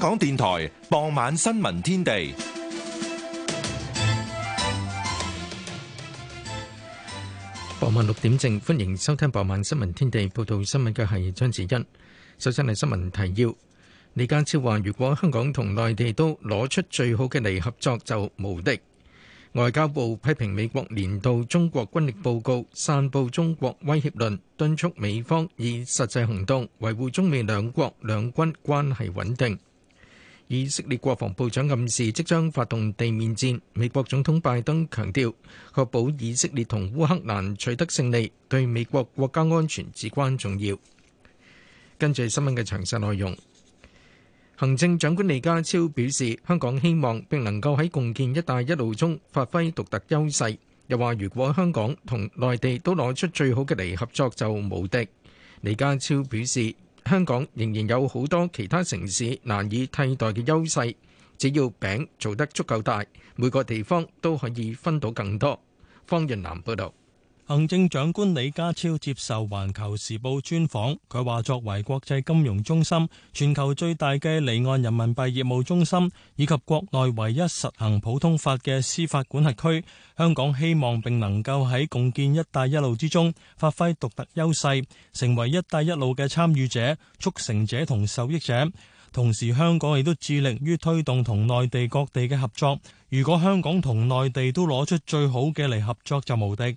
香港電臺傍晚新聞天地，傍晚六點正歡迎收聽傍晚新聞天地。報道新聞嘅係張子欣。首先係新聞提要：李家超話，如果香港同內地都攞出最好嘅嚟合作，就無敵。外交部批評美國年度中國軍力報告散佈中國威脅論，敦促美方以實際行動維護中美兩國兩軍關係穩定。以色列國防部長暗示即將發動地面戰，美國總統拜登強調確保以色列同烏克蘭取得勝利，對美國國家安全至關重要。跟住新聞嘅詳細內容，行政長官李家超表示，香港希望並能夠喺共建“一帶一路”中發揮獨特優勢。又話，如果香港同內地都攞出最好嘅嚟合作，就無敵。李家超表示，香港仍然有好多其他城市難以替代嘅優勢，只要餅做得足夠大，每個地方都可以分到更多。方潤南報道。行政長官李家超接受環球時報專訪，佢話：作為國際金融中心、全球最大嘅離岸人民幣業務中心以及國內唯一實行普通法嘅司法管轄區，香港希望並能夠喺共建一帶一路之中發揮獨特優勢，成為一帶一路嘅參與者、促成者同受益者。同時，香港亦都致力於推動同內地各地嘅合作。如果香港同內地都攞出最好嘅嚟合作，就無敵。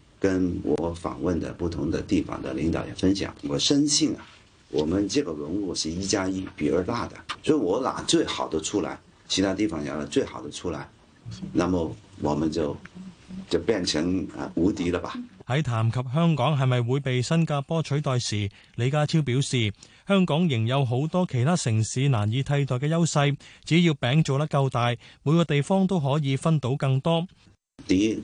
跟我訪問的不同的地方的領導人分享，我深信啊，我們這個文物是一加一比二大的，所以我攞最好的出來，其他地方也攞最好的出來，那麼我們就就變成啊無敵了吧。喺談及香港係咪會被新加坡取代時，李家超表示，香港仍有好多其他城市難以替代嘅優勢，只要餅做得夠大，每個地方都可以分到更多。第一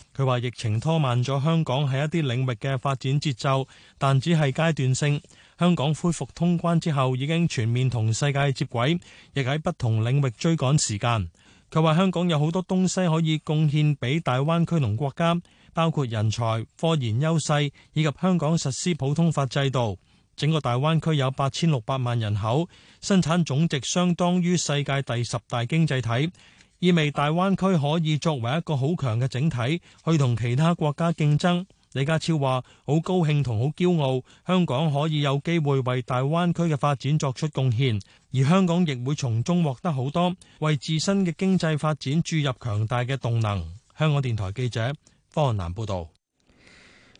佢話疫情拖慢咗香港喺一啲領域嘅發展節奏，但只係階段性。香港恢復通關之後，已經全面同世界接軌，亦喺不同領域追趕時間。佢話香港有好多東西可以貢獻畀大灣區同國家，包括人才、科研優勢以及香港實施普通法制度。整個大灣區有八千六百萬人口，生產總值相當於世界第十大經濟體。意味大灣區可以作為一個好強嘅整體，去同其他國家競爭。李家超話：好高興同好驕傲，香港可以有機會為大灣區嘅發展作出貢獻，而香港亦會從中獲得好多，為自身嘅經濟發展注入強大嘅動能。香港電台記者方瀚南報導。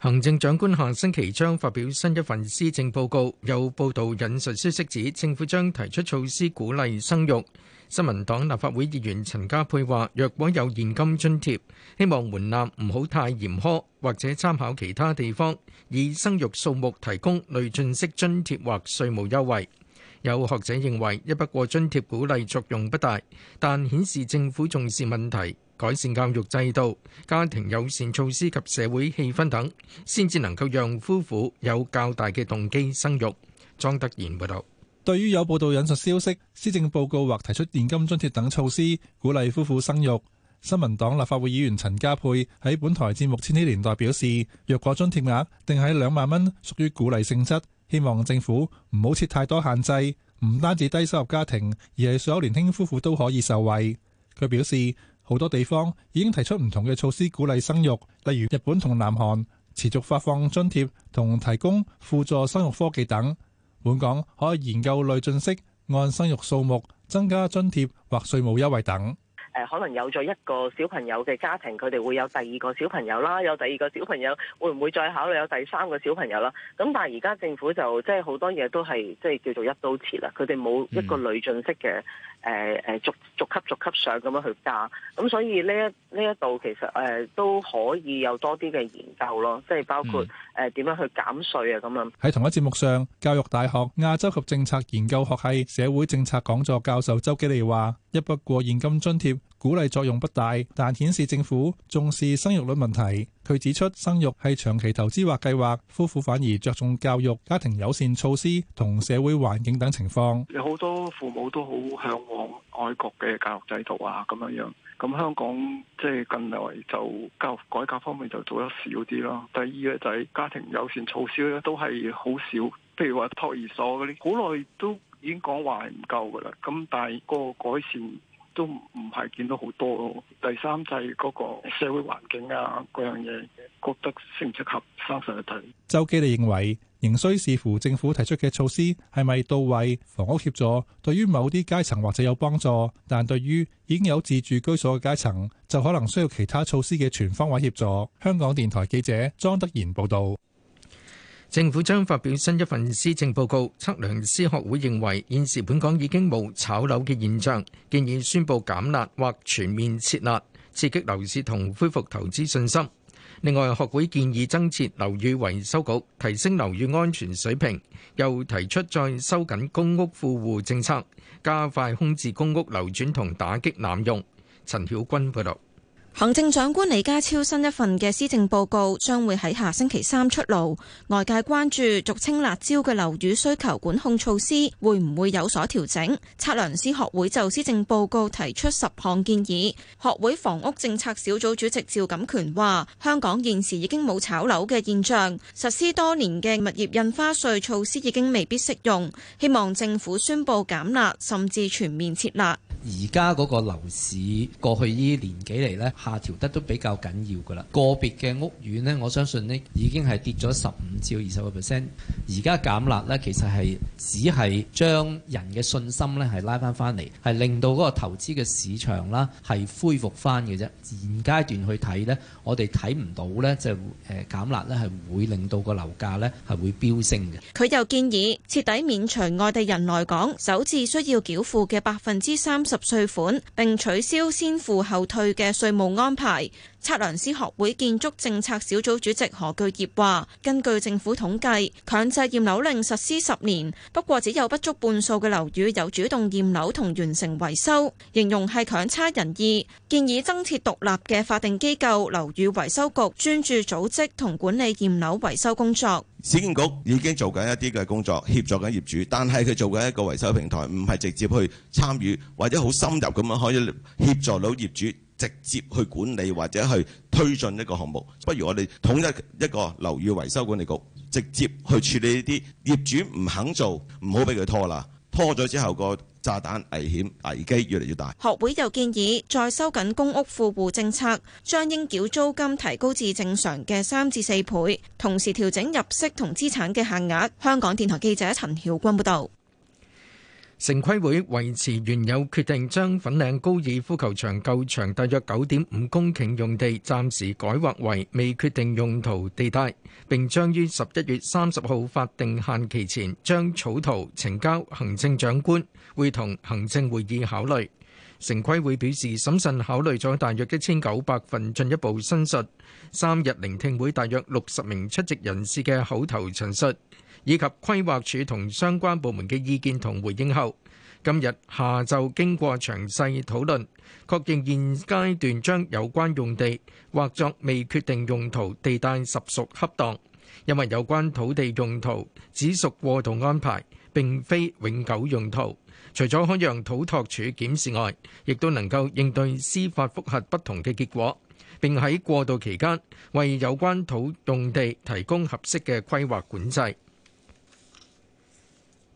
行政長官下星期將發表新一份施政報告,有報導引述消息指政府將提出措施鼓勵生育,新民黨立法會議員陳家佩話,若果有現金津貼,希望門檻唔好太嚴苛,或者參考其他地方,以生育數目提供累進式津貼或稅務優惠。有學者認為,一筆過津貼鼓勵作用不大,但顯示政府重視問題。改善教育制度、家庭友善措施及社會氣氛等，先至能夠讓夫婦有較大嘅動機生育。莊德賢報道。對於有報道引述消息，施政報告或提出現金津貼等措施，鼓勵夫婦生育。新民黨立法會議員陳家佩喺本台節目《千禧年代》表示，若果津貼額定喺兩萬蚊，屬於鼓勵性質，希望政府唔好設太多限制，唔單止低收入家庭，而係所有年輕夫婦都可以受惠。佢表示。好多地方已經提出唔同嘅措施鼓勵生育，例如日本同南韓持續發放津貼同提供輔助生育科技等。本港可以研究累進式，按生育數目增加津貼或稅務優惠等。誒可能有咗一個小朋友嘅家庭，佢哋會有第二個小朋友啦，有第二個小朋友會唔會再考慮有第三個小朋友啦？咁但係而家政府就即係好多嘢都係即係叫做一刀切啦，佢哋冇一個累進式嘅誒誒逐逐級逐級上咁樣去加，咁所以呢一呢一度其實誒、呃、都可以有多啲嘅研究咯，即係包括誒點、嗯呃、樣去減稅啊咁樣。喺同一節目上，教育大學亞洲及政策研究學系社會政策講座教授周基利話，一筆過現金津貼，鼓勵作用不大，但顯示政府重視生育率問題。佢指出，生育係長期投資或計劃，夫婦反而着重教育、家庭友善措施同社會環境等情況。有好多父母都好向往外國嘅教育制度啊，咁樣樣。咁香港即係、就是、近來就教育改革方面就做得少啲囉。第二咧就係家庭友善措施咧都係好少，譬如話托兒所嗰啲，好耐都已經講話係唔夠噶啦。咁但係個改善。都唔係見到好多，咯，第三制嗰、就係、個社會環境啊，嗰樣嘢覺得適唔適合三十一睇？周基利認為仍需視乎政府提出嘅措施係咪到位，房屋協助對於某啲階層或者有幫助，但對於已經有自住居所嘅階層就可能需要其他措施嘅全方位協助。香港電台記者莊德賢報道。政府將發表新一份施政報告，測量師學會認為，現時本港已經冇炒樓嘅現象，建議宣布減辣或全面撤辣，刺激樓市同恢復投資信心。另外，學會建議增設樓宇維修局，提升樓宇安全水平，又提出再收緊公屋富戶政策，加快空置公屋流轉同打擊濫用，陳曉君報道。行政長官李家超新一份嘅施政報告將會喺下星期三出爐，外界關注俗稱辣招嘅樓宇需求管控措施會唔會有所調整。測量師學會就施政報告提出十項建議，學會房屋政策小組主席趙錦權話：香港現時已經冇炒樓嘅現象，實施多年嘅物業印花稅措施已經未必適用，希望政府宣布減辣甚至全面撤辣。而家嗰個樓市過去呢年幾嚟咧，下調得都比較緊要噶啦。個別嘅屋苑咧，我相信咧已經係跌咗十五至二十個 percent。而家減辣咧，其實係只係將人嘅信心咧係拉翻翻嚟，係令到嗰個投資嘅市場啦係恢復翻嘅啫。現階段去睇咧，我哋睇唔到咧，即係誒減辣咧係會令到個樓價咧係會飆升嘅。佢又建議徹底免除外地人來港首次需要繳付嘅百分之三十稅款，並取消先付後退嘅稅務安排。測量師學會建築政策小組主席何巨業話，根據政府統計，強制驗樓令實施十年，不過只有不足半數嘅樓宇有主動驗樓同完成維修，形容係強差人意。建議增設獨立嘅法定機構樓宇維修局，專注組織同管理驗樓維修工作。市建局已經做緊一啲嘅工作，協助緊業主，但係佢做緊一個維修平台，唔係直接去參與或者好深入咁樣可以協助到業主。直接去管理或者去推進一個項目，不如我哋統一一個樓宇維修管理局，直接去處理啲業主唔肯做，唔好俾佢拖啦。拖咗之後個炸彈危險危機越嚟越大。學會又建議再收緊公屋富戶政策，將應繳租金提高至正常嘅三至四倍，同時調整入息同資產嘅限額，香港電台記者陳曉君報道。城規會維持原有決定，將粉嶺高爾夫球場舊場大約九點五公頃用地暫時改劃為未決定用途地帶，並將於十一月三十號法定限期前將草圖呈交行政長官，會同行政會議考慮。城規會表示，審慎考慮咗大約一千九百份進一步申述，三日聆聽會大約六十名出席人士嘅口頭陳述，以及規劃署同相關部門嘅意見同回應後，今日下晝經過詳細討論，確認現階段將有關用地劃作未決定用途地帶，實屬恰當，因為有關土地用途只屬過渡安排，並非永久用途。除咗可讓土託署檢視外，亦都能夠應對司法複核不同嘅結果，並喺過渡期間為有關土地提供合適嘅規劃管制。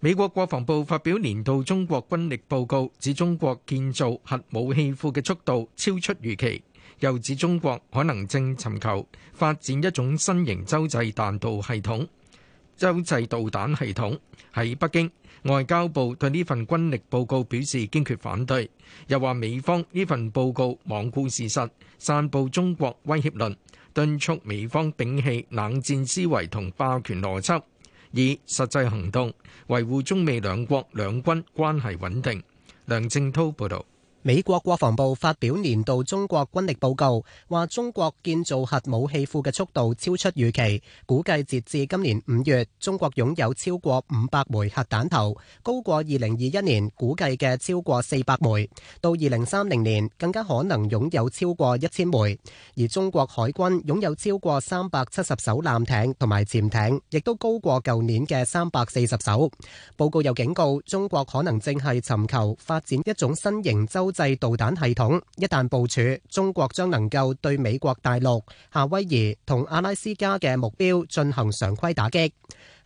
美國國防部發表年度中國軍力報告，指中國建造核武器庫嘅速度超出預期，又指中國可能正尋求發展一種新型洲際彈道系統、洲際導彈系統。喺北京，外交部對呢份軍力報告表示堅決反對，又話美方呢份報告罔顧事實，散佈中國威脅論，敦促美方摒棄冷戰思維同霸權邏輯。以實際行動維護中美兩國兩軍關係穩定。梁正濤報道。美國國防部發表年度中國軍力報告，話中國建造核武器庫嘅速度超出預期。估計截至今年五月，中國擁有超過五百枚核彈頭，高過二零二一年估計嘅超過四百枚。到二零三零年，更加可能擁有超過一千枚。而中國海軍擁有超過三百七十艘艦艇同埋潛艇，亦都高過舊年嘅三百四十艘。報告又警告，中國可能正係尋求發展一種新型洲。制導彈系統一旦部署，中國將能夠對美國大陸、夏威夷同阿拉斯加嘅目標進行常規打擊。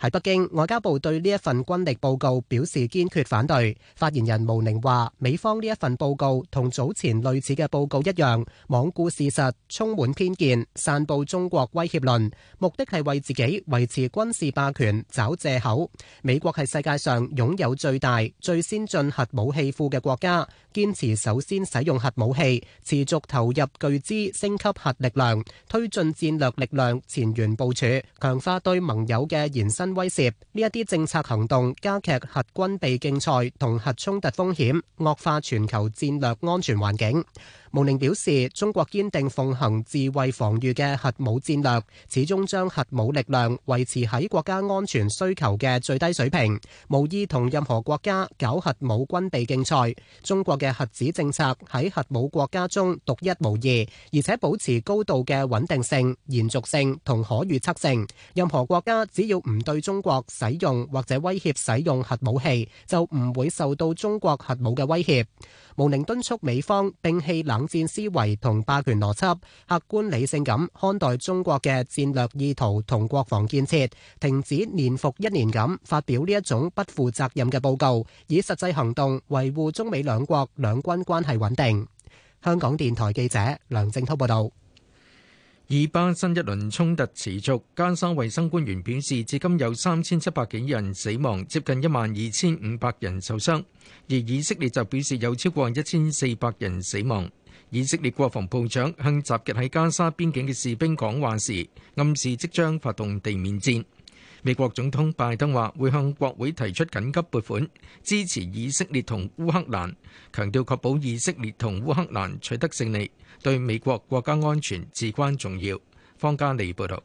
喺北京，外交部對呢一份軍力報告表示堅決反對。發言人毛寧話：美方呢一份報告同早前類似嘅報告一樣，罔顧事實，充滿偏見，散佈中國威脅論，目的係為自己維持軍事霸權找藉口。美國係世界上擁有最大、最先進核武器庫嘅國家，堅持首先使用核武器，持續投入巨資升級核力量，推進戰略力量前沿部署，強化對盟友嘅延伸威懾呢一啲政策行動，加劇核軍備競賽同核衝突風險，惡化全球戰略安全環境。毛寧表示，中國堅定奉行自衛防御嘅核武戰略，始終將核武力量維持喺國家安全需求嘅最低水平，無意同任何國家搞核武軍備競賽。中國嘅核子政策喺核武國家中獨一無二，而且保持高度嘅穩定性、延續性同可預測性。任何國家只要唔對中國使用或者威脅使用核武器，就唔會受到中國核武嘅威脅。毛寧敦促美方摒棄冷戰思維同霸權邏輯，客觀理性咁看待中國嘅戰略意圖同國防建設，停止年復一年咁發表呢一種不負責任嘅報告，以實際行動維護中美兩國兩軍關係穩定。香港電台記者梁正濤報道，以巴新一輪衝突持續，加沙衛生官員表示，至今有三千七百幾人死亡，接近一萬二千五百人受傷，而以色列就表示有超過一千四百人死亡。以色列國防部長向集結喺加沙邊境嘅士兵講話時，暗示即將發動地面戰。美國總統拜登話會向國會提出緊急撥款，支持以色列同烏克蘭，強調確保以色列同烏克蘭取得勝利，對美國國家安全至關重要。方家利報道。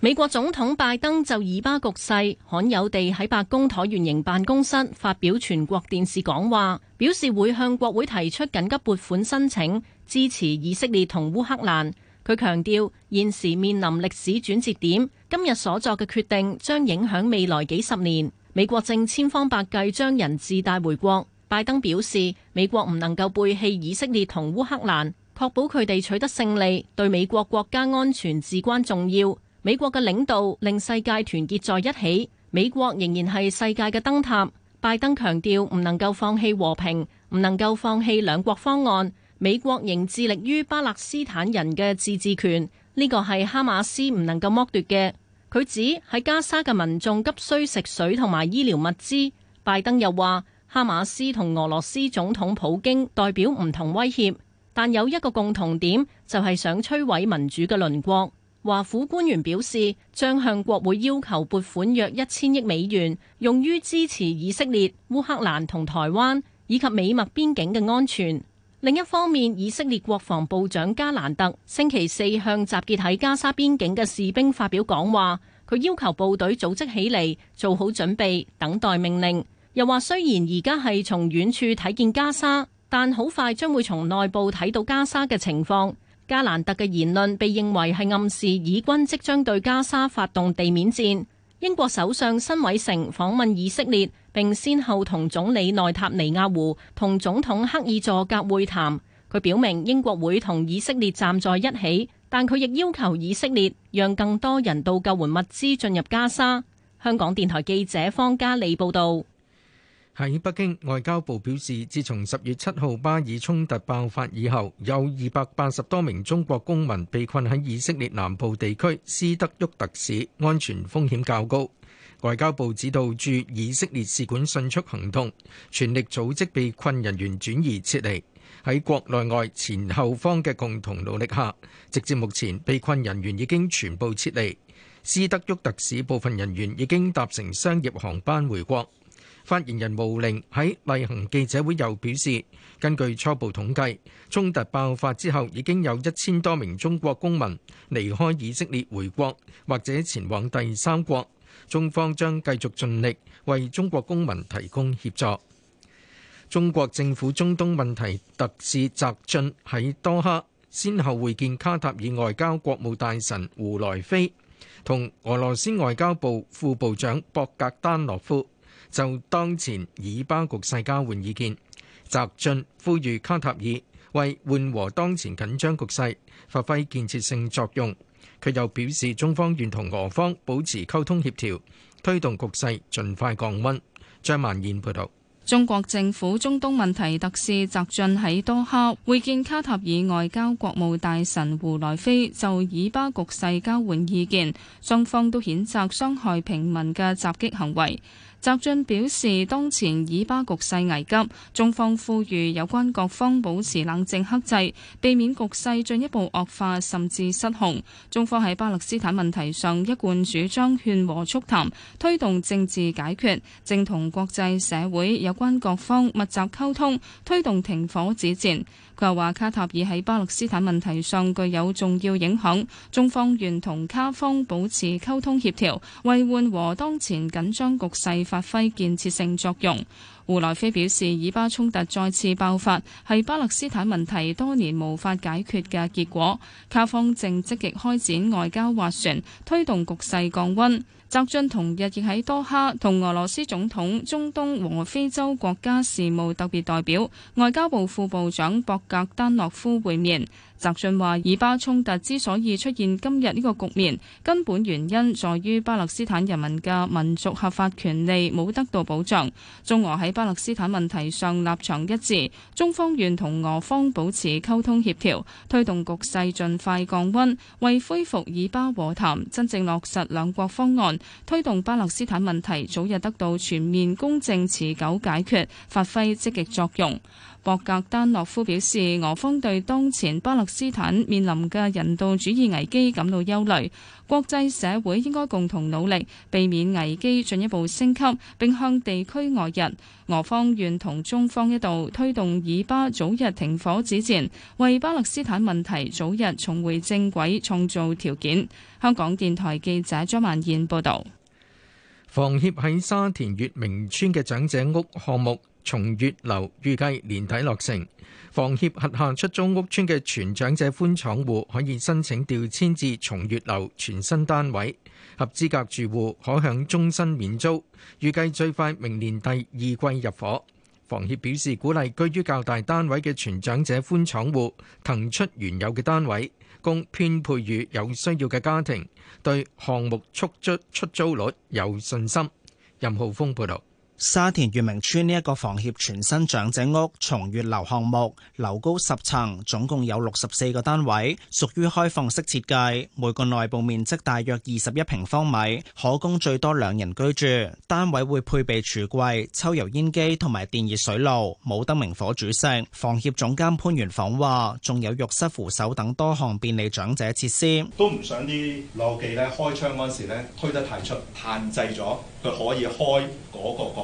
美國總統拜登就以巴局勢罕有地喺白宮橢圓形辦公室發表全國電視講話，表示會向國會提出緊急撥款申請。支持以色列同烏克蘭。佢強調現時面臨歷史轉折點，今日所作嘅決定將影響未來幾十年。美國正千方百計將人質帶回國，拜登表示，美國唔能夠背棄以色列同烏克蘭，確保佢哋取得勝利，對美國國家安全至關重要。美國嘅領導令世界團結在一起，美國仍然係世界嘅燈塔。拜登強調唔能夠放棄和平，唔能夠放棄兩國方案。美國仍致力於巴勒斯坦人嘅自治權，呢個係哈馬斯唔能夠剝奪嘅。佢指喺加沙嘅民眾急需食水同埋醫療物資。拜登又話：哈馬斯同俄羅斯總統普京代表唔同威脅，但有一個共同點就係想摧毀民主嘅鄰國。華府官員表示，將向國會要求撥款約一千億美元，用於支持以色列、烏克蘭同台灣以及美墨邊境嘅安全。另一方面，以色列國防部長加蘭特星期四向集結喺加沙邊境嘅士兵發表講話，佢要求部隊組織起嚟，做好準備，等待命令。又話雖然而家係從遠處睇見加沙，但好快將會從內部睇到加沙嘅情況。加蘭特嘅言論被認為係暗示以軍即將對加沙發動地面戰。英國首相辛偉誠訪問以色列。並先後同總理內塔尼亞胡同總統克爾佐格會談，佢表明英國會同以色列站在一起，但佢亦要求以色列讓更多人道救援物資進入加沙。香港電台記者方嘉利報道。喺北京，外交部表示，自從十月七號巴以衝突爆發以後，有二百八十多名中國公民被困喺以色列南部地區斯德沃特市，安全風險較高。外交部指導駐以色列使館迅速行動，全力組織被困人員轉移撤離。喺國內外前後方嘅共同努力下，直至目前被困人員已經全部撤離。斯德沃特市部分人員已經搭乘商業航班回國。發言人毛寧喺例行記者會又表示，根據初步統計，衝突爆發之後已經有一千多名中國公民離開以色列回國，或者前往第三國。中方將繼續盡力為中國公民提供協助。中國政府中東問題特使翟雋喺多哈，先後會見卡塔爾外交國務大臣胡萊菲同俄羅斯外交部副部長博格丹諾夫，就當前以巴局勢交換意見。翟雋呼籲卡塔爾為緩和當前緊張局勢發揮建設性作用。卻又表示，中方願同俄方保持溝通協調，推動局勢盡快降溫。張曼燕報道。中國政府中東問題特使翟俊喺多哈會見卡塔爾外交國務大臣胡來菲，就以巴局勢交換意見。雙方都譴責傷害平民嘅襲擊行為。翟俊表示，當前以巴局勢危急，中方呼籲有關各方保持冷靜克制，避免局勢進一步惡化甚至失控。中方喺巴勒斯坦問題上一貫主張勸和促談，推動政治解決。正同國際社會有。關各方密集溝通，推動停火止戰。佢又話：卡塔爾喺巴勒斯坦問題上具有重要影響，中方願同卡方保持溝通協調，為緩和當前緊張局勢發揮建設性作用。胡來菲表示：以巴衝突再次爆發，係巴勒斯坦問題多年無法解決嘅結果。卡方正積極開展外交斡旋，推動局勢降温。澤俊同日亦喺多哈同俄羅斯總統、中東和非洲國家事務特別代表、外交部副部長博格丹諾夫會面。澤俊話：以巴衝突之所以出現今日呢個局面，根本原因在於巴勒斯坦人民嘅民族合法權利冇得到保障。中俄喺巴勒斯坦問題上立場一致，中方願同俄方保持溝通協調，推動局勢盡快降温，為恢復以巴和談、真正落實兩國方案、推動巴勒斯坦問題早日得到全面公正持久解決，發揮積極作用。博格丹諾夫表示，俄方對當前巴勒斯坦面臨嘅人道主義危機感到憂慮，國際社會應該共同努力，避免危機進一步升級，並向地區外人，俄方願同中方一道推動以巴早日停火止戰，為巴勒斯坦問題早日重回正軌創造條件。香港電台記者張萬燕報道。房協喺沙田月明邨嘅長者屋項目。松月樓預計年底落成，房協轄下出租屋邨嘅全長者寬敞戶可以申請調遷至松月樓全新單位，合資格住戶可享終身免租。預計最快明年第二季入伙。房協表示，鼓勵居於較大單位嘅全長者寬敞戶騰出原有嘅單位，供編配予有需要嘅家庭。對項目促進出,出租率有信心。任浩峰報道。沙田月明邨，呢一個房協全新長者屋，松月樓項目，樓高十層，總共有六十四個單位，屬於開放式設計，每個內部面積大約二十一平方米，可供最多兩人居住。單位會配備櫥櫃、抽油煙機同埋電熱水爐，冇得明火煮食。房協總監潘元房話，仲有浴室扶手等多項便利長者設施，都唔想啲老記咧開窗嗰時咧推得太出，限制咗佢可以開嗰個、嗰個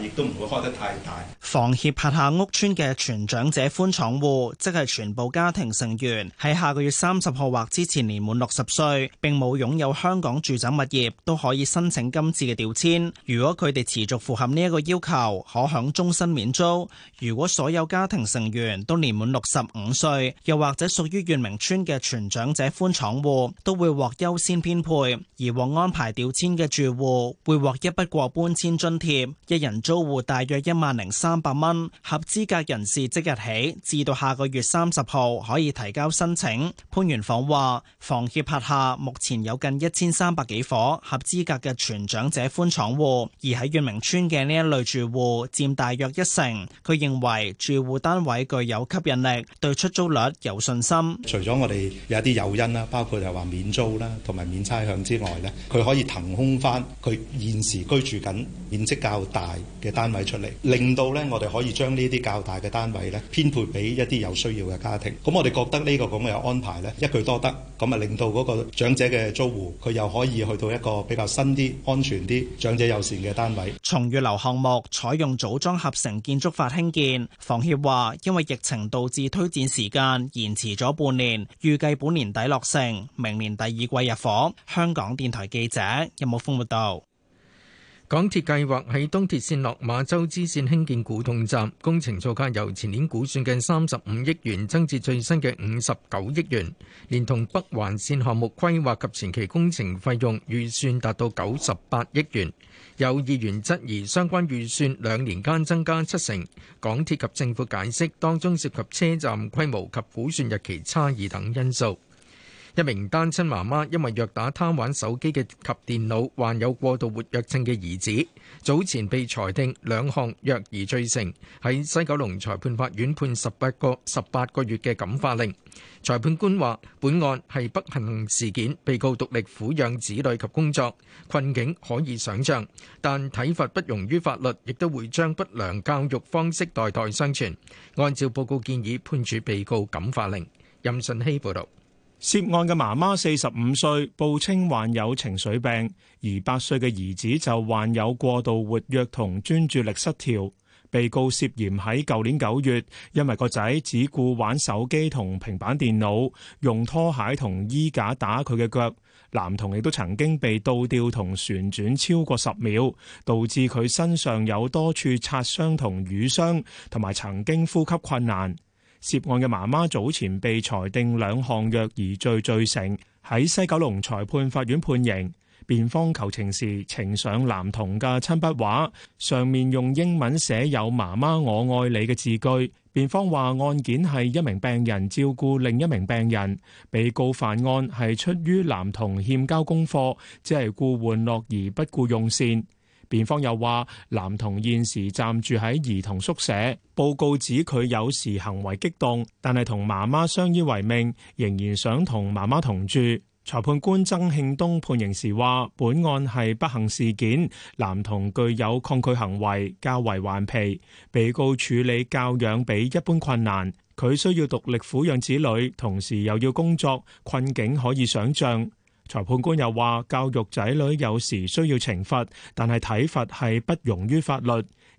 亦都唔會開得太大。房協轄下屋邨嘅全長者寬敞戶，即係全部家庭成員喺下個月三十號或之前年滿六十歲，並冇擁有香港住宅物業，都可以申請今次嘅調遷。如果佢哋持續符合呢一個要求，可享終身免租。如果所有家庭成員都年滿六十五歲，又或者屬於乙明邨嘅全長者寬敞戶，都會獲優先編配，而獲安排調遷嘅住戶會獲一筆過搬遷津貼，一人租戶大約一萬零三百蚊，合資格人士即日起至到下個月三十號可以提交申請。潘元房話，房協轄下目前有近一千三百幾伙合資格嘅全長者寬敞戶，而喺月明村嘅呢一類住戶佔大約一成。佢認為住戶單位具有吸引力，對出租率有信心。除咗我哋有一啲誘因啦，包括就係話免租啦，同埋免差餉之外咧，佢可以騰空翻佢現時居住緊面積較大嘅單位出嚟，令到咧我哋可以將呢啲較大嘅單位咧編配俾一啲有需要嘅家庭。咁我哋覺得呢個咁嘅安排呢，一舉多得，咁啊令到嗰個長者嘅租戶佢又可以去到一個比較新啲、安全啲、長者友善嘅單位。崇業樓項目採用組裝合成建築法興建，房協話因為疫情導致推展時間延遲咗半年，預計本年底落成，明年第二季入伙。香港電台記者任武峯報道。有港鐵計劃喺東鐵線落馬洲支線興建古洞站，工程造價由前年估算嘅三十五億元增至最新嘅五十九億元，連同北環線項目規劃及前期工程費用預算達到九十八億元。有議員質疑相關預算兩年間增加七成，港鐵及政府解釋當中涉及車站規模及估算日期差異等因素。一名單親媽媽因為虐打貪玩手機嘅及電腦，患有過度活躍症嘅兒子，早前被裁定兩項虐兒罪成，喺西九龍裁判法院判十八個十八個月嘅感化令。裁判官話：本案係不幸事件，被告獨力撫養子女及工作困境可以想象，但體罰不容於法律，亦都會將不良教育方式代代相傳。按照報告建議，判處被告感化令。任信希報導。涉案嘅媽媽四十五歲，報稱患有情緒病，而八歲嘅兒子就患有過度活躍同專注力失調。被告涉嫌喺舊年九月，因為個仔只顧玩手機同平板電腦，用拖鞋同衣架打佢嘅腳。男童亦都曾經被倒吊同旋轉超過十秒，導致佢身上有多處擦傷同瘀傷，同埋曾經呼吸困難。涉案嘅媽媽早前被裁定兩項虐兒罪罪成，喺西九龍裁判法院判刑。辯方求情時呈上男童嘅親筆畫，上面用英文寫有「媽媽我愛你」嘅字句。辯方話案件係一名病人照顧另一名病人，被告犯案係出於男童欠交功課，只係顧玩樂而不顧用膳。辯方又話，男童現時暫住喺兒童宿舍。報告指佢有時行為激動，但係同媽媽相依為命，仍然想同媽媽同住。裁判官曾慶東判刑時話，本案係不幸事件，男童具有抗拒行為，較為頑皮。被告處理教養比一般困難，佢需要獨立撫養子女，同時又要工作，困境可以想象。裁判官又話：教育仔女有時需要懲罰，但係體罰係不容於法律。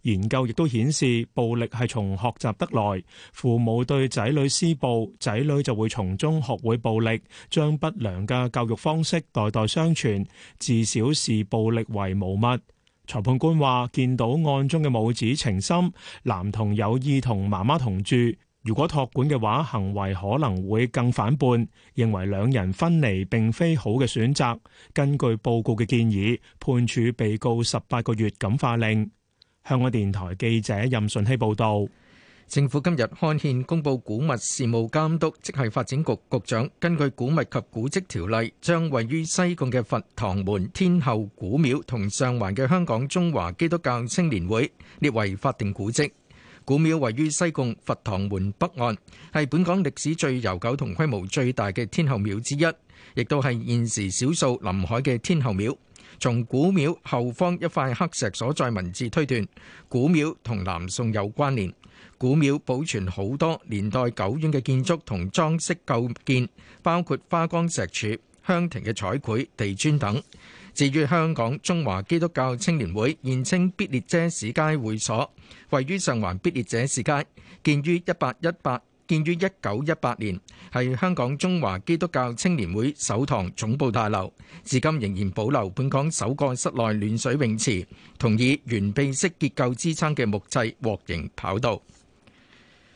研究亦都顯示，暴力係從學習得來。父母對仔女施暴，仔女就會從中學會暴力，將不良嘅教育方式代代相傳，至少視暴力為無物。裁判官話：見到案中嘅母子情深，男童有意同媽媽同住。如果託管嘅話，行為可能會更反叛，認為兩人分離並非好嘅選擇。根據報告嘅建議，判處被告十八個月感化令。香港電台記者任順希報導。政府今日刊憲公佈古物事務監督，即係發展局局長根據《古物及古蹟條例》，將位於西貢嘅佛堂門天后古廟同上環嘅香港中華基督教青年會列為法定古蹟。古廟位於西貢佛堂門北岸，係本港歷史最悠久同規模最大嘅天后廟之一，亦都係現時少數臨海嘅天后廟，從古廟後方一塊黑石所在文字推斷，古廟同南宋有關聯，古廟保存好多年代久遠嘅建築同裝飾構件，包括花崗石柱、香亭嘅彩繪、地磚等。至於香港中華基督教青年會，現稱必列者士街會所，位於上環必列者士街，建於一八一八，建於一九一八年，係香港中華基督教青年會首堂總部大樓，至今仍然保留本港首個室內暖水泳池，同以懸臂式結構支撐嘅木製獲形跑道。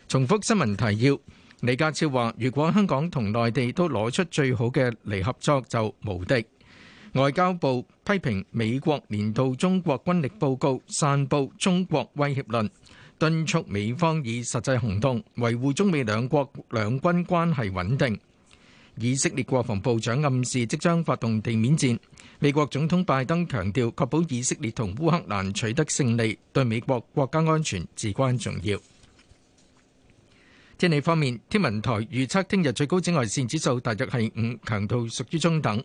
重複新聞提要，李家超話：如果香港同內地都攞出最好嘅嚟合作，就無敵。外交部批評美國年度中國軍力報告散布中國威脅論，敦促美方以實際行動維護中美兩國兩軍關係穩定。以色列國防部長暗示即將發動地面戰。美國總統拜登強調，確保以色列同烏克蘭取得勝利，對美國國家安全至關重要。天氣方面，天文台預測聽日最高紫外線指數大約係五，強度屬於中等。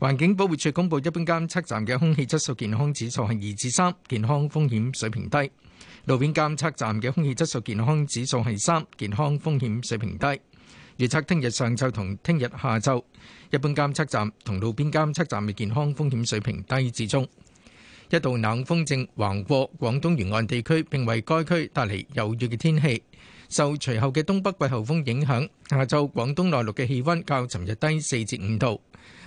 環境保護署公布，一般監測站嘅空氣質素健康指數係二至三，健康風險水平低；路邊監測站嘅空氣質素健康指數係三，健康風險水平低。預測聽日上晝同聽日下晝，一般監測站同路邊監測站嘅健康風險水平低至中。一道冷風正橫過廣東沿岸地區，並為該區帶嚟有雨嘅天氣。受隨後嘅東北季候風影響，下晝廣東內陸嘅氣溫較尋日低四至五度。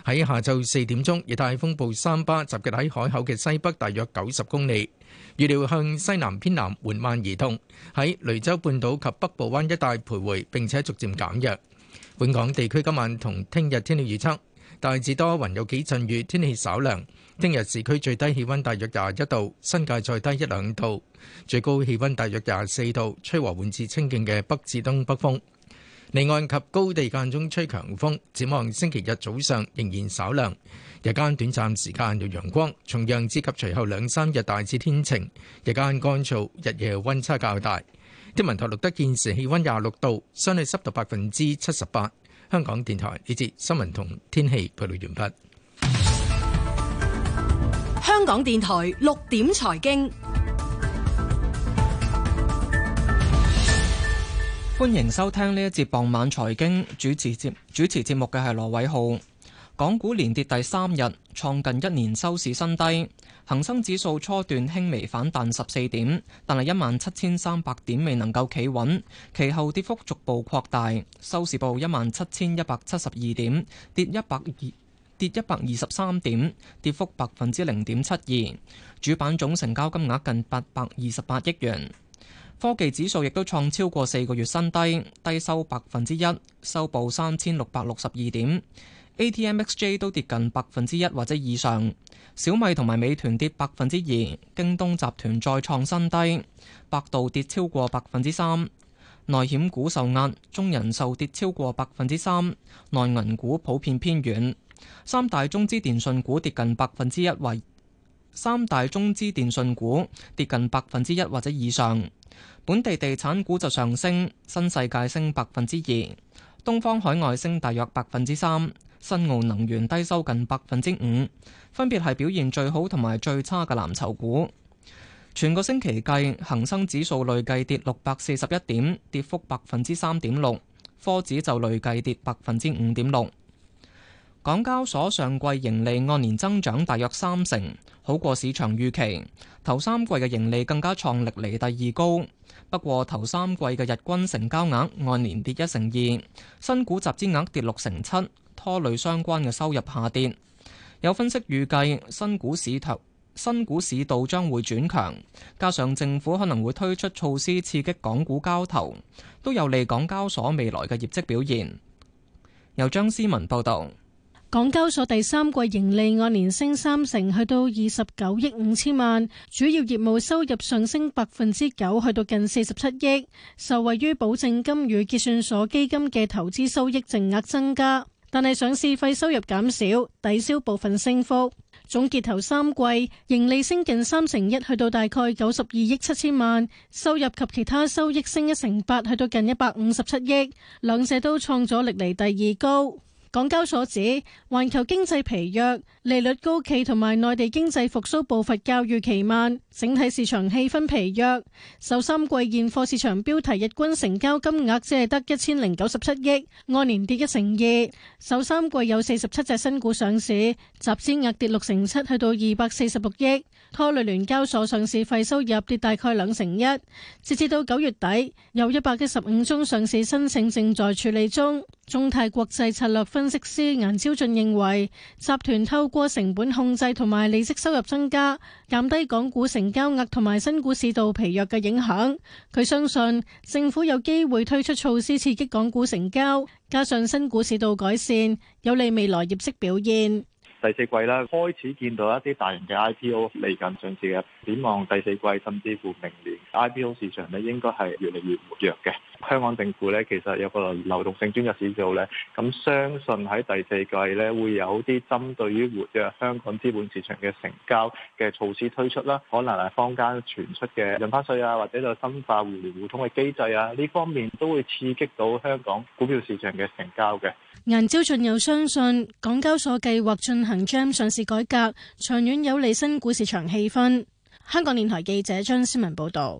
喺下晝四點鐘，熱帶風暴三巴集結喺海口嘅西北，大約九十公里，預料向西南偏南緩慢移動，喺雷州半島及北部灣一帶徘徊並且逐漸減弱。本港地區今晚同聽日天氣預測，大致多雲有幾陣雨，天氣稍涼。聽日市區最低氣温大約廿一度，新界再低一兩度，最高氣温大約廿四度，吹和緩至清勁嘅北至東北風。離岸及高地間中吹強風，展望星期日早上仍然稍涼，日間短暫時間有陽光，重陽至及隨後兩三日大致天晴，日間乾燥，日夜溫差較大。天文台錄得現時氣溫廿六度，相對濕度百分之七十八。香港電台呢節新聞同天氣報道完畢。香港電台六點財經。歡迎收聽呢一節傍晚財經主持節。主持節目嘅係羅偉浩。港股連跌第三日，創近一年收市新低。恒生指數初段輕微反彈十四點，但係一萬七千三百點未能夠企穩，其後跌幅逐步擴大，收市報一萬七千一百七十二點，跌一百二，跌一百二十三點，跌幅百分之零點七二。主板總成交金額近八百二十八億元。科技指數亦都創超過四個月新低，低收百分之一，收報三千六百六十二點。A T M X J 都跌近百分之一或者以上。小米同埋美團跌百分之二，京東集團再創新低，百度跌超過百分之三。內險股受壓，中人壽跌超過百分之三，內銀股普遍偏軟，三大中資電訊股跌近百分之一或三大中資電訊股跌近百分之一或者以上。本地地產股就上升，新世界升百分之二，東方海外升大約百分之三，新奧能源低收近百分之五，分別係表現最好同埋最差嘅藍籌股。全個星期計，恒生指數累計跌六百四十一點，跌幅百分之三點六；科指就累計跌百分之五點六。港交所上季盈利按年增長大約三成，好過市場預期。頭三季嘅盈利更加創歷嚟第二高。不過，頭三季嘅日均成交額按年跌一成二，新股集資額跌六成七，拖累相關嘅收入下跌。有分析預計，新股市頭新股市道將會轉強，加上政府可能會推出措施刺激港股交投，都有利港交所未來嘅業績表現。由張思文報道。港交所第三季盈利按年升三成，去到二十九億五千萬，主要業務收入上升百分之九，去到近四十七億，受惠於保證金與結算所基金嘅投資收益淨額增加，但係上市費收入減少，抵消部分升幅。總結頭三季盈利升近三成一，去到大概九十二億七千萬，收入及其他收益升一成八，去到近一百五十七億，兩者都創咗歷嚟第二高。港交所指，環球經濟疲弱。利率高企同埋內地經濟復蘇步伐較預期慢，整體市場氣氛疲弱。首三季現貨市場標題日均成交金額只係得一千零九十七億，按年跌一成二。首三季有四十七隻新股上市，集資額跌六成七，去到二百四十六億，拖累聯交所上市費收入跌大概兩成一。截至到九月底，有一百一十五宗上市申請正在處理中。中泰國際策略分析師顏超俊認為，集團偷。過成本控制同埋利息收入增加，減低港股成交額同埋新股市道疲弱嘅影響。佢相信政府有機會推出措施刺激港股成交，加上新股市道改善，有利未來業績表現。第四季啦，開始見到一啲大型嘅 IPO 嚟緊上市嘅，展望第四季甚至乎明年 IPO 市場咧，應該係越嚟越活躍嘅。香港政府咧，其實有個流動性專責市做咧，咁、嗯、相信喺第四季咧會有啲針對於活躍香港資本市場嘅成交嘅措施推出啦，可能係坊間傳出嘅印花稅啊，或者就深化互聯互通嘅機制啊，呢方面都會刺激到香港股票市場嘅成交嘅。顏朝俊又相信港交所計劃進行 GEM 上市改革，長遠有利新股市場氣氛。香港電台記者張思文報道。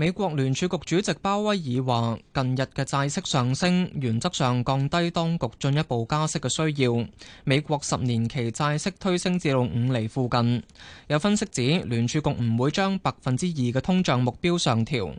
美國聯儲局主席鮑威爾話，近日嘅債息上升，原則上降低當局進一步加息嘅需要。美國十年期債息推升至到五厘附近。有分析指，聯儲局唔會將百分之二嘅通脹目標上調，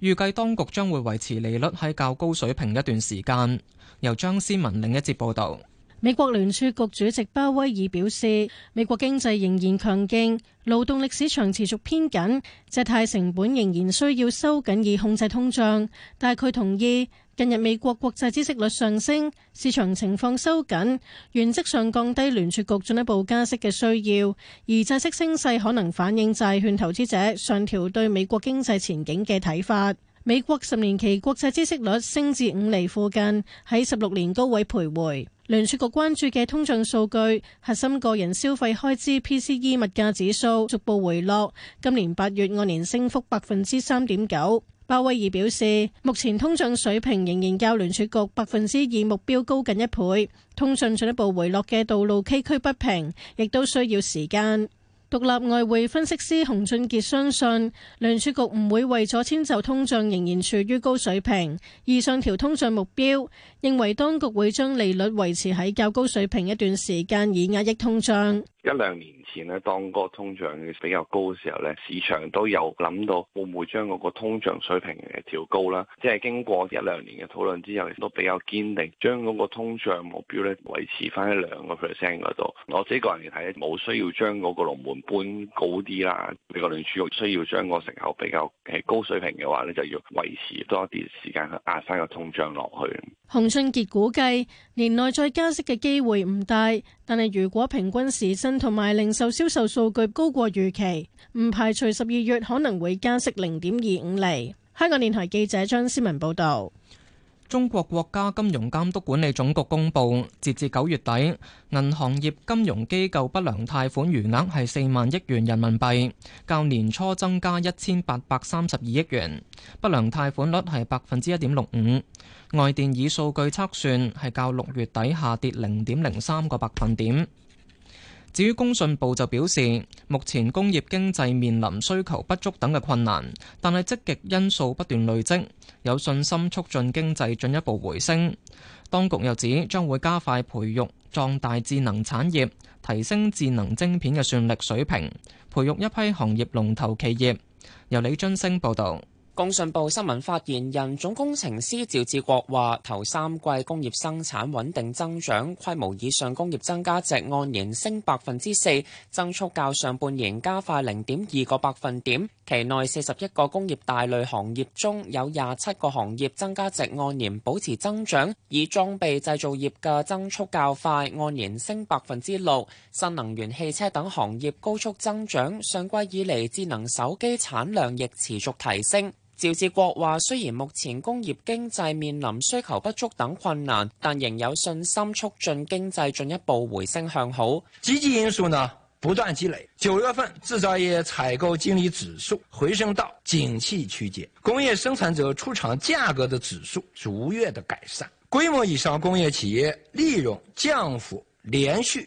預計當局將會維持利率喺較高水平一段時間。由張思文另一節報道。美國聯儲局主席鮑威爾表示，美國經濟仍然強勁，勞動力市場持續偏緊，借貸成本仍然需要收緊以控制通脹。但係佢同意，近日美國國債孳息率上升，市場情況收緊，原則上降低聯儲局進一步加息嘅需要。而債息升勢可能反映債券投資者上調對美國經濟前景嘅睇法。美國十年期國債孳息率升至五厘附近，喺十六年高位徘徊。聯儲局關注嘅通脹數據核心個人消費開支 PCE 物價指數逐步回落，今年八月按年升幅百分之三點九。鮑威爾表示，目前通脹水平仍然較聯儲局百分之二目標高近一倍，通脹進一步回落嘅道路崎嶇不平，亦都需要時間。獨立外匯分析師洪俊傑相信，聯儲局唔會為咗遷就通脹，仍然處於高水平，而上調通脹目標，認為當局會將利率維持喺較高水平一段時間，以壓抑通脹。一兩年前咧，當嗰個通脹比較高嘅時候，呢市場都有諗到會唔會將嗰個通脹水平誒調高啦。即係經過一兩年嘅討論之後，都比較堅定將嗰個通脹目標咧維持翻喺兩個 percent 嗰度。我自己個人嚟睇，冇需要將嗰個龍門搬高啲啦。美國聯儲局需要將個成效比較係高水平嘅話，呢就要維持多啲時間去壓生個通脹落去。洪信傑估計，年內再加息嘅機會唔大，但係如果平均市同埋零售銷售數據高過預期，唔排除十二月可能會加息零點二五厘。香港電台記者張思文報道，中國國家金融監督管理總局公布，截至九月底，銀行業金融機構不良貸款餘額係四萬億元人民幣，較年初增加一千八百三十二億元，不良貸款率係百分之一點六五。外電以數據測算，係較六月底下跌零點零三個百分點。至於工信部就表示，目前工業經濟面臨需求不足等嘅困難，但係積極因素不斷累積，有信心促進經濟進一步回升。當局又指，將會加快培育壯大智能產業，提升智能晶片嘅算力水平，培育一批行業龍頭企業。由李津升報導。工信部新聞發言人總工程師趙志國話，頭三季工業生產穩定增長，規模以上工業增加值按年升百分之四，增速較上半年加快零點二個百分點。期內四十一個工業大類行業中有廿七個行業增加值按年保持增長，以裝備製造業嘅增速較快，按年升百分之六。新能源汽車等行業高速增長，上季以嚟智能手機產量亦持續提升。趙志國話：雖然目前工業經濟面臨需求不足等困難，但仍有信心促進經濟進一步回升向好。積極因素呢不斷積累。九月份製造業採購經理指數回升到景氣區間，工業生產者出廠價格的指數逐月的改善，規模以上工業企業利潤降幅連續。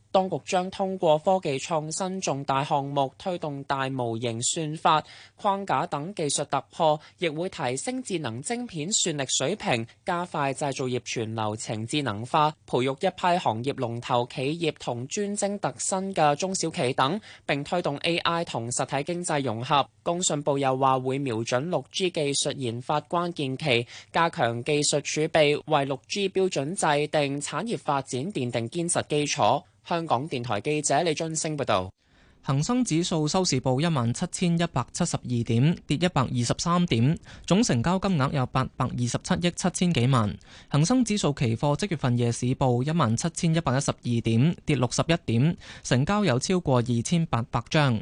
當局將通過科技創新重大項目推動大模型、算法框架等技術突破，亦會提升智能晶片算力水平，加快製造業全流程智能化，培育一批行業龍頭企業同專精特新嘅中小企等，並推動 AI 同實體經濟融合。工信部又話會瞄準六 G 技術研發關鍵期，加強技術儲備，為六 G 標準制定、產業發展奠定堅實基礎。香港電台記者李津升報道，恒生指數收市報一萬七千一百七十二點，跌一百二十三點，總成交金額有八百二十七億七千幾萬。恒生指數期貨即月份夜市報一萬七千一百一十二點，跌六十一點，成交有超過二千八百張。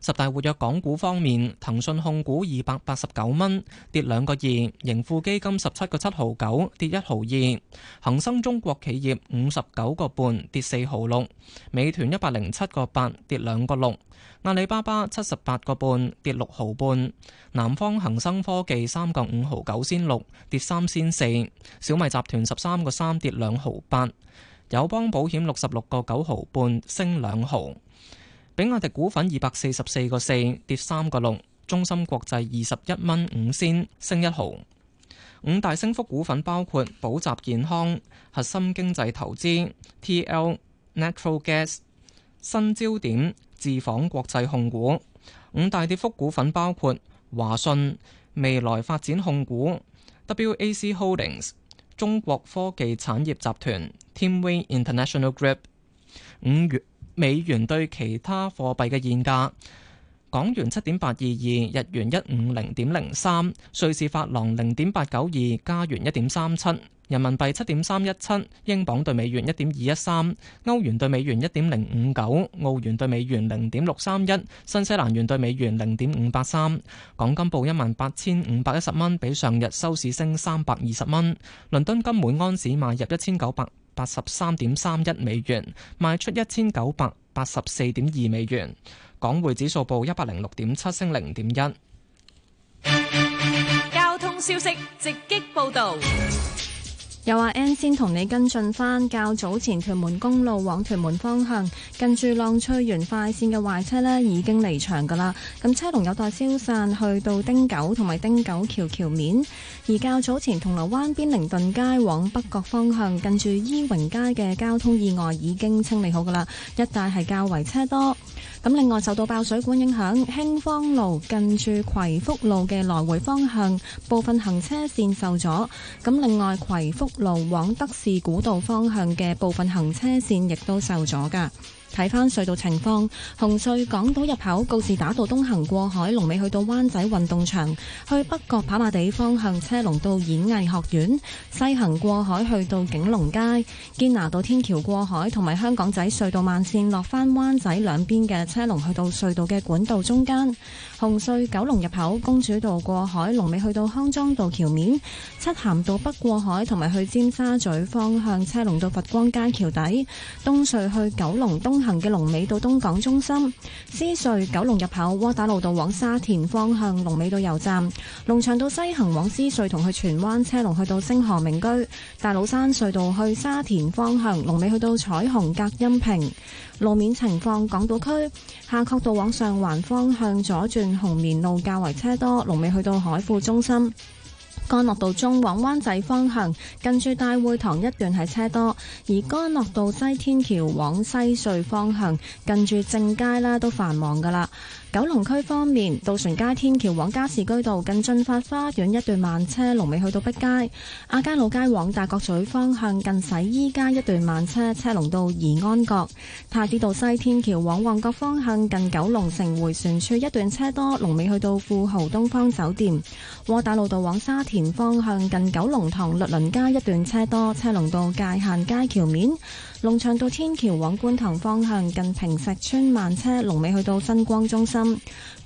十大活躍港股方面，騰訊控股二百八十九蚊，跌兩個二；盈富基金十七個七毫九，跌一毫二；恒生中國企業五十九個半，跌四毫六；美團一百零七個八，跌兩個六；阿里巴巴七十八個半，跌六毫半；南方恒生科技三個五毫九先六，跌三先四；小米集團十三個三，跌兩毫八；友邦保險六十六個九毫半，升兩毫。比亞迪股份二百四十四個四，跌三個六，中芯國際二十一蚊五仙升一毫。五大升幅股份包括寶澤健康、核心經濟投資、T.L.Natural Gas、新焦點、自紡國際控股。五大跌幅股份包括華信、未來發展控股、W.A.C.Holdings、中國科技產業集團、TeamWay International Group。五月。美元對其他貨幣嘅現價：港元七點八二二，日元一五零點零三，瑞士法郎零點八九二，加元一點三七，人民幣七點三一七，英鎊對美元一點二一三，歐元對美元一點零五九，澳元對美元零點六三一，新西蘭元對美元零點五八三。港金報一萬八千五百一十蚊，比上日收市升三百二十蚊。倫敦金每盎司賣入一千九百。八十三點三一美元，賣出一千九百八十四點二美元。港匯指數報一百零六點七，升零點一。交通消息直擊報道。又話 N 先同你跟進返較早前屯門公路往屯門方向，近住浪翠園快線嘅壞車呢已經離場噶啦，咁車龍有待消散，去到汀九同埋汀九橋橋面。而較早前銅鑼灣邊寧頓街往北角方向，近住伊榮街嘅交通意外已經清理好噶啦，一帶係較為車多。咁另外受到爆水管影響，興芳路近住葵福路嘅來回方向部分行車線受阻。咁另外葵福路往德士古道方向嘅部分行車線亦都受阻噶。睇返隧道情況，紅隧港島入口告士打道東行過海，龍尾去到灣仔運動場；去北角跑馬地方向車龍到演藝學院，西行過海去到景隆街，堅拿道天橋過海同埋香港仔隧道慢線落翻灣仔兩邊嘅車龍，去到隧道嘅管道中間。紅隧九龍入口公主道過海，龍尾去到康莊道橋面；漆咸道北過海，同埋去尖沙咀方向車龍到佛光街橋底；東隧去九龍東行嘅龍尾到東港中心；獅隧九龍入口窩打老道往沙田方向，龍尾到油站；龍翔道西行往獅隧同去荃灣車龍去到星河明居；大老山隧道去沙田方向，龍尾去到彩虹隔音屏。路面情況，港島區夏慤道往上環方向左轉紅棉路較為車多，龍尾去到海富中心。干諾道中往灣仔方向，近住大會堂一段係車多，而干諾道西天橋往西隧方向，近住正街啦都繁忙㗎喇。九龍區方面，渡船街天橋往加士居道近駿發花園一段慢車，龍尾去到碧街；亞皆老街往大角咀方向近洗衣街一段慢車，車龍到怡安閣；太子道西天橋往旺角方向近九龍城回旋處一段車多，龍尾去到富豪東方酒店；窩打老道往沙田方向近九龍塘律倫街一段車多，車龍到界限街橋面。龍翔道天橋往觀塘方向，近坪石村慢車，龍尾去到新光中心。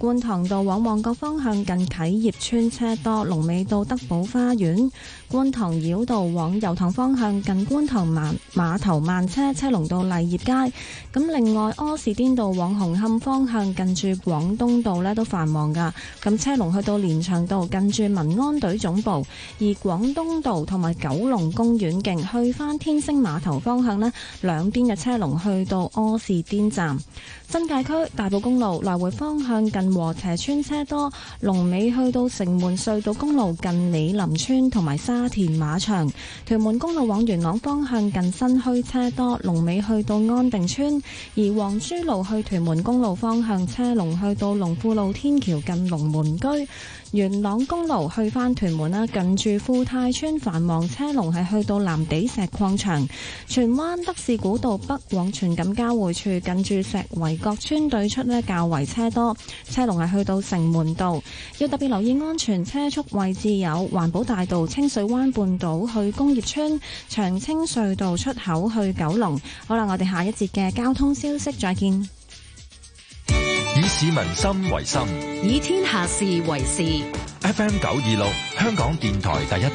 觀塘道往旺角方向近啟業邨車多，龍尾到德寶花園。觀塘繞道往油塘方向近觀塘碼頭慢車，車龍到勵業街。咁另外，柯士甸道往紅磡方向近住廣東道呢都繁忙㗎。咁車龍去到連翔道近住民安隊總部，而廣東道同埋九龍公園徑去返天星碼頭方向呢，兩邊嘅車龍去到柯士甸站。新界區大埔公路來回方向近。和斜村車多，龍尾去到城門隧道公路近美林村同埋沙田馬場。屯門公路往元朗方向近新墟車多，龍尾去到安定村。而黃珠路去屯門公路方向，車龍去到龍富路天橋近龍門居。元朗公路去返屯門啦，近住富泰村繁忙車龍係去到藍地石礦場；荃灣德士古道北往荃錦交匯處，近住石圍角村對出咧較為車多，車龍係去到城門道，要特別留意安全車速位置有環保大道、清水灣半島去工業村、長青隧道出口去九龍。好啦，我哋下一節嘅交通消息再見。以市民心為心，以天下事為事。FM 926，香港電台第一。